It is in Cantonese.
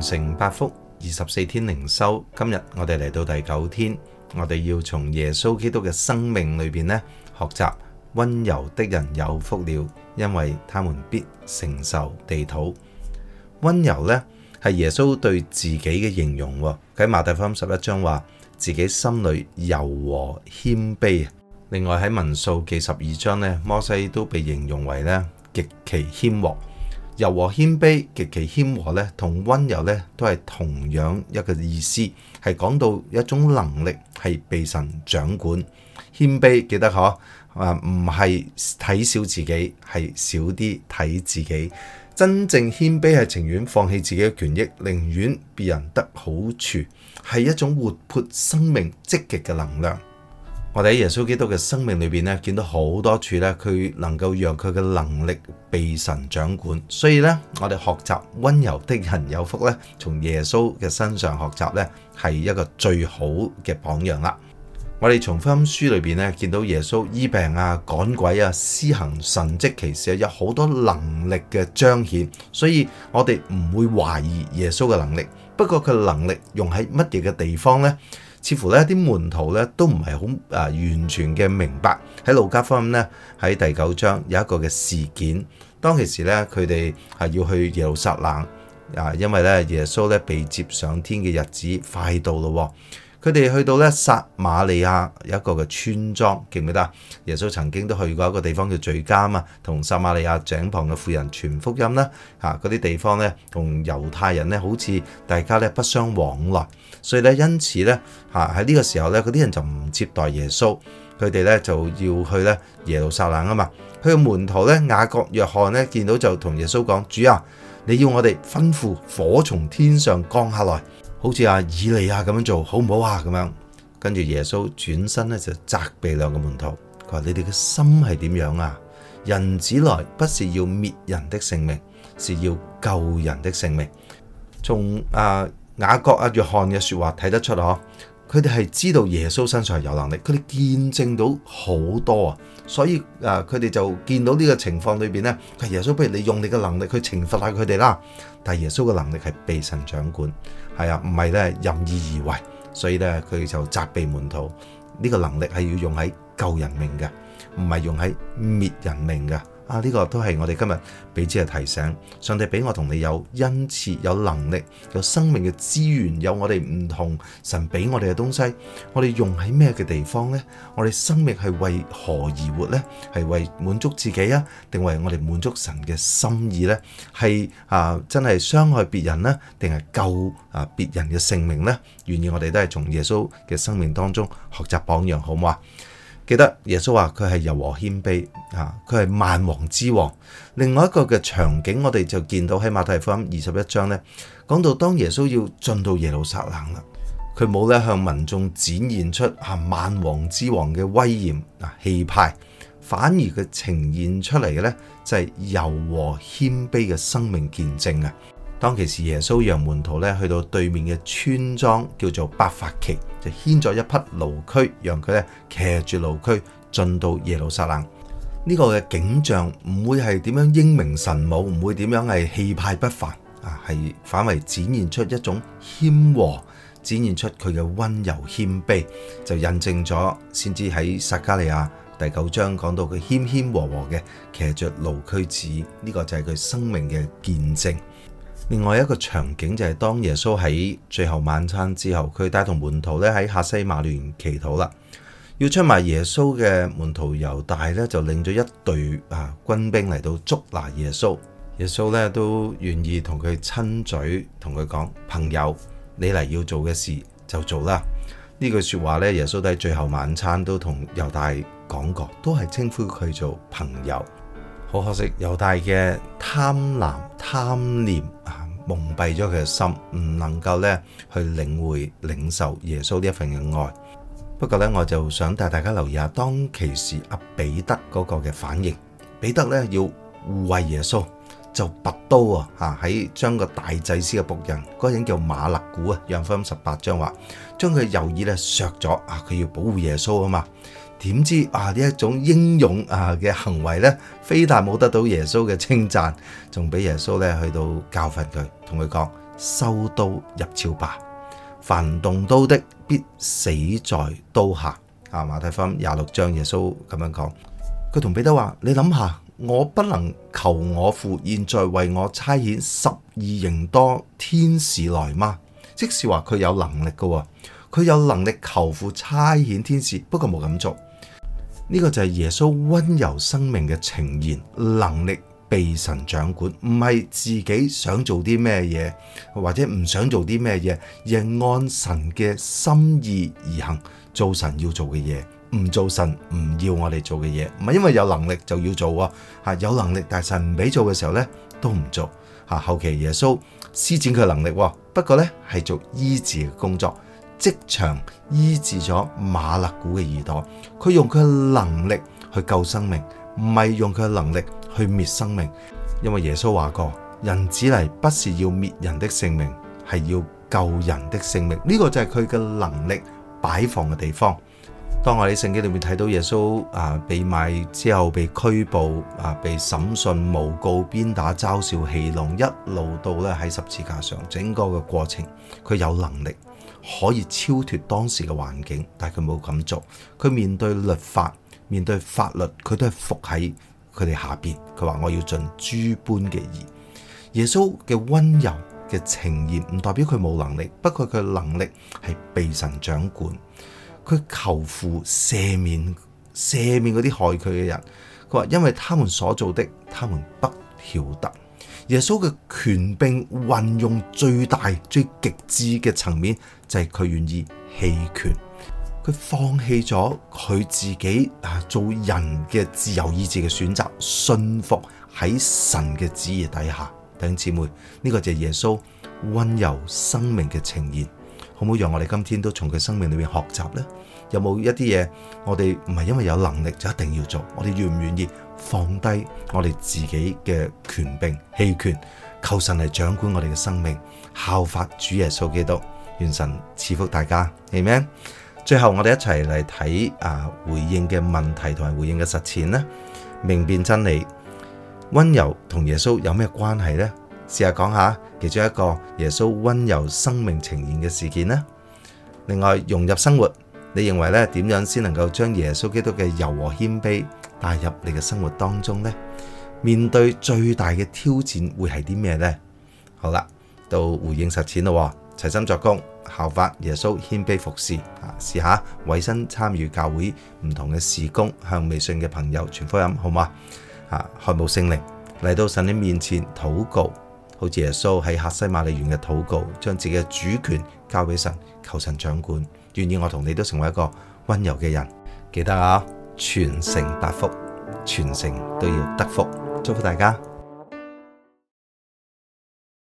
承八福，二十四天靈修，今日我哋嚟到第九天，我哋要從耶穌基督嘅生命裏邊咧學習，溫柔的人有福了，因為他們必承受地土。溫柔咧係耶穌對自己嘅形容，佢喺馬太福音十一章話自己心裏柔和謙卑。另外喺民數記十二章咧，摩西都被形容為咧極其謙和。柔和謙卑、極其謙和呢同溫柔呢都係同樣一個意思，係講到一種能力係被神掌管。謙卑記得可啊，唔係睇小自己，係少啲睇自己。真正謙卑係情願放棄自己嘅權益，寧願別人得好處，係一種活潑生命積極嘅能量。我哋喺耶穌基督嘅生命裏邊咧，見到好多處咧，佢能夠讓佢嘅能力被神掌管，所以咧，我哋學習溫柔的人有福咧，從耶穌嘅身上學習咧，係一個最好嘅榜樣啦。我哋從福音書裏邊咧，見到耶穌醫病啊、趕鬼啊、施行神蹟，其實有好多能力嘅彰顯，所以我哋唔會懷疑耶穌嘅能力。不過佢能力用喺乜嘢嘅地方呢？似乎咧，啲門徒咧都唔係好啊完全嘅明白。喺路加福音咧喺第九章有一個嘅事件，當其時咧佢哋係要去耶路撒冷啊，因為咧耶穌咧被接上天嘅日子快到咯，哦。佢哋去到咧撒瑪利亞有一個嘅村莊，記唔記得？耶穌曾經都去過一個地方叫敘加啊，同撒瑪利亞井旁嘅婦人傳福音啦。嗰啲地方咧，同猶太人咧，好似大家咧不相往來，所以咧因此咧喺呢個時候咧，嗰啲人就唔接待耶穌，佢哋咧就要去咧耶路撒冷啊嘛。去到門徒咧雅各約翰咧見到就同耶穌講：主啊，你要我哋吩咐火從天上降下來。好似阿、啊、以利亞咁樣做好唔好啊？咁樣，跟住耶穌轉身咧就責備兩個門徒，佢話，你哋嘅心係點樣啊？人子來不是要滅人的性命，是要救人的性命。從阿、啊、雅各阿約翰嘅說話睇得出嗬。佢哋係知道耶穌身上有能力，佢哋見證到好多啊，所以啊，佢、呃、哋就見到呢個情況裏邊咧，話耶穌，不如你用你嘅能力去懲罰下佢哋啦。但係耶穌嘅能力係被神掌管，係啊，唔係咧任意而為，所以咧佢就責備門徒，呢、這個能力係要用喺救人命嘅，唔係用喺滅人命嘅。啊！呢、這個都係我哋今日彼此嘅提醒。上帝俾我同你有恩賜、有能力、有生命嘅資源，有我哋唔同神俾我哋嘅東西。我哋用喺咩嘅地方呢？我哋生命係為何而活呢？係為滿足自己啊？定為我哋滿足神嘅心意呢？係啊，真係傷害別人咧？定係救啊別人嘅性命呢？願意我哋都係從耶穌嘅生命當中學習榜樣，好唔好啊？記得耶穌話佢係柔和謙卑啊，佢係萬王之王。另外一個嘅場景，我哋就見到喺馬太福音二十一章呢，講到當耶穌要進到耶路撒冷啦，佢冇咧向民衆展現出啊萬王之王嘅威嚴啊氣派，反而佢呈現出嚟嘅呢，就係柔和謙卑嘅生命見證啊。當其時，耶穌讓門徒咧去到對面嘅村莊，叫做伯法其，就牽咗一匹驢駒，讓佢咧騎住驢駒進到耶路撒冷。呢、這個嘅景象唔會係點樣英明神武，唔會點樣係氣派不凡，啊，係反為展現出一種謙和，展現出佢嘅溫柔謙卑，就印證咗，先知喺撒迦利亞第九章講到佢謙謙和和嘅騎着驢駒子，呢、這個就係佢生命嘅見證。另外一個場景就係當耶穌喺最後晚餐之後，佢帶同門徒咧喺客西馬尼祈禱啦，要出賣耶穌嘅門徒猶大咧就領咗一隊啊軍兵嚟到捉拿耶穌，耶穌咧都願意同佢親嘴，同佢講，朋友，你嚟要做嘅事就做啦。呢句說話咧，耶穌都喺最後晚餐都同猶大講過，都係稱呼佢做朋友。好可惜，猶大嘅貪婪、貪念啊，蒙蔽咗佢嘅心，唔能夠咧去領會、領受耶穌呢一份嘅愛。不過咧，我就想帶大家留意下，當其時阿彼得嗰個嘅反應，彼得咧要護衛耶穌，就拔刀啊，喺將個大祭司嘅僕人嗰人叫馬勒古啊，讓《約翰福音十八章》話，將佢右耳咧削咗啊，佢要保護耶穌啊嘛。點知啊呢一種英勇啊嘅行為呢非但冇得到耶穌嘅稱讚，仲俾耶穌呢去到教訓佢，同佢講收刀入鞘吧，凡動刀的必死在刀下。啊馬太福音廿六章耶穌咁樣講，佢同彼得話：你諗下，我不能求我父現在為我差遣十二營多天使來嗎？即是話佢有能力噶。佢有能力求父差遣天使，不過冇咁做呢、這個就係耶穌溫柔生命嘅呈現，能力，被神掌管，唔係自己想做啲咩嘢，或者唔想做啲咩嘢，亦按神嘅心意而行，做神要做嘅嘢，唔做神唔要我哋做嘅嘢。唔係因為有能力就要做喎。吓有能力但係神唔俾做嘅時候呢，都唔做。吓後期耶穌施展佢能力，不過呢，係做醫治嘅工作。即場醫治咗馬勒古嘅耳朵，佢用佢嘅能力去救生命，唔係用佢嘅能力去滅生命。因為耶穌話過：人子嚟不是要滅人的性命，係要救人的性命。呢、這個就係佢嘅能力擺放嘅地方。當我哋喺聖經裏面睇到耶穌啊被賣之後被拘捕啊被審訊、誣告、鞭打、嘲笑、戲弄，一路到咧喺十字架上，整個嘅過程，佢有能力。可以超脫當時嘅環境，但係佢冇咁做。佢面對律法，面對法律，佢都係伏喺佢哋下邊。佢話：我要盡諸般嘅義。耶穌嘅溫柔嘅呈現唔代表佢冇能力，不過佢嘅能力係被神掌管。佢求父赦免赦免嗰啲害佢嘅人。佢話：因為他們所做的，他們不曉得。耶穌嘅權柄運用最大、最極致嘅層面，就係佢願意棄權，佢放棄咗佢自己啊做人嘅自由意志嘅選擇，信服喺神嘅旨意底下。弟兄姊妹，呢個就係耶穌溫柔生命嘅呈現，好唔好？讓我哋今天都從佢生命裏面學習呢？有冇一啲嘢我哋唔係因為有能力就一定要做，我哋願唔願意？放低我哋自己嘅權柄，棄權求神嚟掌管我哋嘅生命，效法主耶穌基督。願神賜福大家，係咪？最後我哋一齊嚟睇啊，回應嘅問題同埋回應嘅實踐啦。明辨真理，溫柔同耶穌有咩關係呢？試下講下其中一個耶穌溫柔生命呈現嘅事件呢。另外融入生活，你認為咧點樣先能夠將耶穌基督嘅柔和謙卑，帶入你嘅生活當中呢，面對最大嘅挑戰會係啲咩呢？好啦，到回應實踐咯，齊心作工，效法耶穌謙卑服侍。啊！試下委身參與教會唔同嘅事工，向未信嘅朋友傳福音，好嘛？啊，渴慕聖靈嚟到神的面前禱告，好似耶穌喺客西馬尼園嘅禱告，將自己嘅主權交俾神，求神掌管。願意我同你都成為一個温柔嘅人，記得啊！全城得福，全城都要得福，祝福大家。